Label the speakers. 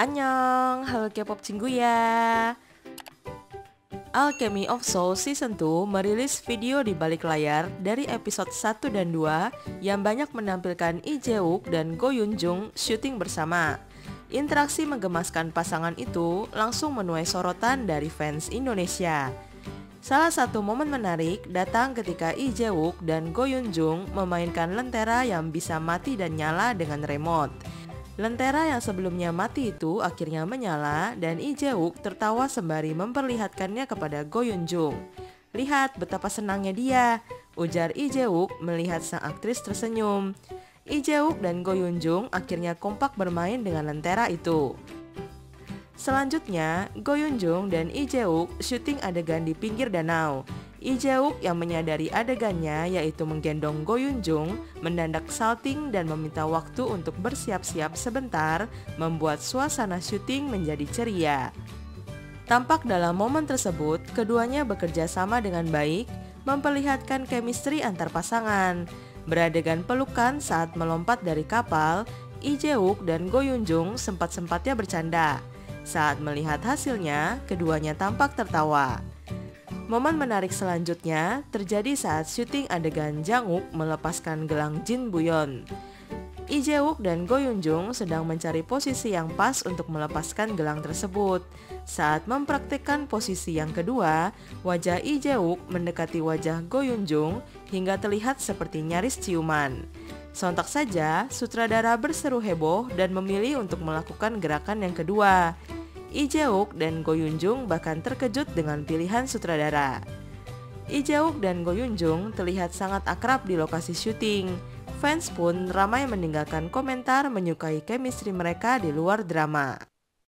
Speaker 1: Annyeong, halo K-pop cinggu ya. Alchemy of Soul Season 2 merilis video di balik layar dari episode 1 dan 2 yang banyak menampilkan Lee Jae-wook dan Go Yoon Jung syuting bersama. Interaksi menggemaskan pasangan itu langsung menuai sorotan dari fans Indonesia. Salah satu momen menarik datang ketika Lee Jae-wook dan Go Yoon Jung memainkan lentera yang bisa mati dan nyala dengan remote. Lentera yang sebelumnya mati itu akhirnya menyala dan Jae-wook tertawa sembari memperlihatkannya kepada Go Jung. Lihat betapa senangnya dia, ujar Jae-wook melihat sang aktris tersenyum. Jae-wook dan Go Jung akhirnya kompak bermain dengan lentera itu. Selanjutnya, Go Jung dan Jae-wook syuting adegan di pinggir danau. Lee yang menyadari adegannya yaitu menggendong Go Yun Jung, mendandak salting dan meminta waktu untuk bersiap-siap sebentar, membuat suasana syuting menjadi ceria. Tampak dalam momen tersebut, keduanya bekerja sama dengan baik, memperlihatkan chemistry antar pasangan. Beradegan pelukan saat melompat dari kapal, Lee dan Go Yun Jung sempat-sempatnya bercanda. Saat melihat hasilnya, keduanya tampak tertawa. Momen menarik selanjutnya terjadi saat syuting adegan janguk melepaskan gelang Jin Buyon. Lee dan Go Yun-jung sedang mencari posisi yang pas untuk melepaskan gelang tersebut. Saat mempraktikkan posisi yang kedua, wajah Lee mendekati wajah Go Yun-jung hingga terlihat seperti nyaris ciuman. Sontak saja, sutradara berseru heboh dan memilih untuk melakukan gerakan yang kedua. Lee Jae-wook dan Go yun jung bahkan terkejut dengan pilihan sutradara. Lee Jae-wook dan Go yun jung terlihat sangat akrab di lokasi syuting. Fans pun ramai meninggalkan komentar menyukai chemistry mereka di luar drama.